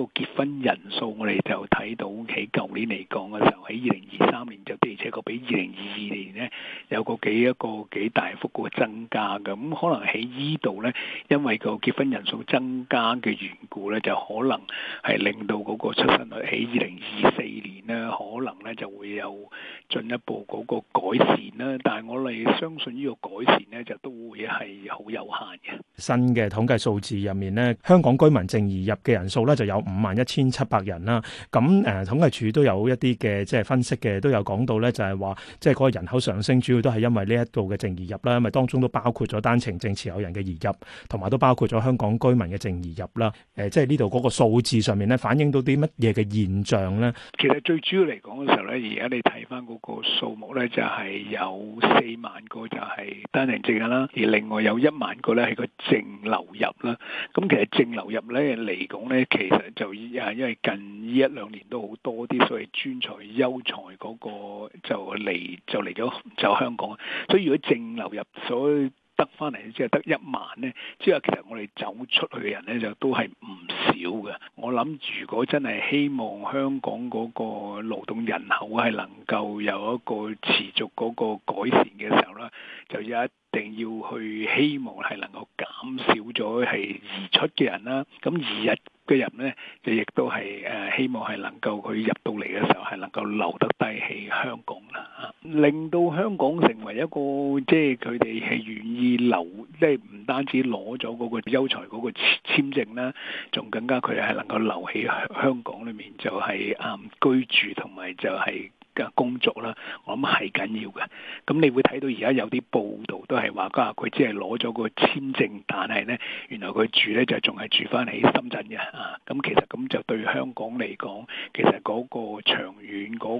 個結婚人數，我哋就睇到喺舊年嚟講嘅時候，喺二零二三年就的而且確比二零二二年呢，有個幾一個幾大幅嘅增加嘅。咁、嗯、可能喺依度呢，因為個結婚人數增加嘅緣故呢，就可能係令到嗰個出生率喺二零二四年呢，可能呢就會有。進一步嗰個改善咧，但係我哋相信呢個改善咧，就都會係好有限嘅。新嘅統計數字入面咧，香港居民淨移入嘅人數咧就有五萬一千七百人啦。咁誒統計處都有一啲嘅即係分析嘅，都有講到咧，就係話即係嗰個人口上升，主要都係因為呢一度嘅淨移入啦，因為當中都包括咗單程證持有人嘅移入，同埋都包括咗香港居民嘅淨移入啦。誒，即係呢度嗰個數字上面咧，反映到啲乜嘢嘅現象咧？其實最主要嚟講嘅時候咧，而家你睇翻個。個數目咧就係、是、有四萬個就係單程證啦，而另外有一萬個咧係個淨流入啦。咁其實淨流入咧嚟講咧，其實就啊，因為近呢一兩年都好多啲所謂專才、優才嗰個就嚟就嚟咗就香港。所以如果淨流入所得翻嚟只係得一萬呢，即係其實我哋走出去嘅人呢，就都係唔少嘅。我諗如果真係希望香港嗰個勞動人口係能夠有一個持續嗰個改善嘅時候咧，就一定要去希望係能夠減少咗係移出嘅人啦。咁移入嘅人呢，就亦都係誒希望係能夠佢入到嚟嘅時候係能夠留得低喺香港。令到香港成為一個，即係佢哋係願意留，即係唔單止攞咗嗰個優才嗰個簽證啦，仲更加佢哋係能夠留喺香港裏面就係、嗯、居住同埋就係嘅工作啦，我諗係緊要嘅。咁你會睇到而家有啲報道都係話，家下佢只係攞咗個簽證，但係咧，原來佢住咧就仲係住翻喺深圳嘅啊。咁其實咁就對香港嚟講，其實嗰個長遠嗰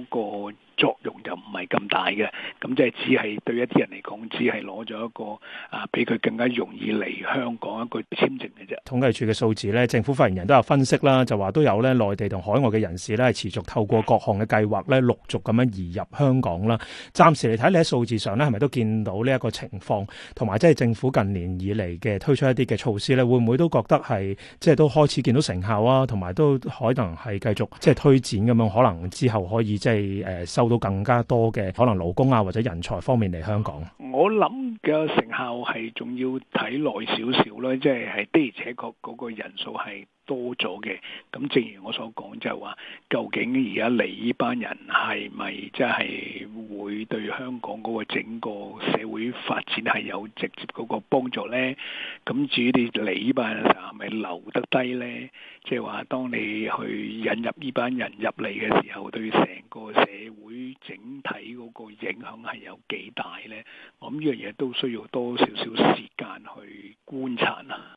個作用就唔係咁大嘅。咁即係只係對一啲人嚟講，只係攞咗一個啊，比佢更加容易嚟香港一個簽證嘅啫。統計處嘅數字咧，政府發言人都有分析啦，就話都有咧內地同海外嘅人士咧，係持續透過各項嘅計劃咧，陸續。咁樣移入香港啦，暫時嚟睇你喺數字上咧，係咪都見到呢一個情況，同埋即係政府近年以嚟嘅推出一啲嘅措施咧，會唔會都覺得係即係都開始見到成效啊？同埋都可能係繼續即係推展咁樣，可能之後可以即係誒收到更加多嘅可能勞工啊或者人才方面嚟香港。我諗嘅成效係仲要睇耐少少咧，即係係的而且確嗰個人數係多咗嘅。咁正如我所講就係話，究竟而家嚟呢班人係？咪即係會對香港嗰個整個社會發展係有直接嗰個幫助呢？咁至於你呢班人係咪留得低呢？即係話，當你去引入呢班人入嚟嘅時候，對成個社會整體嗰個影響係有幾大呢？我諗呢樣嘢都需要多少少時間去觀察啦。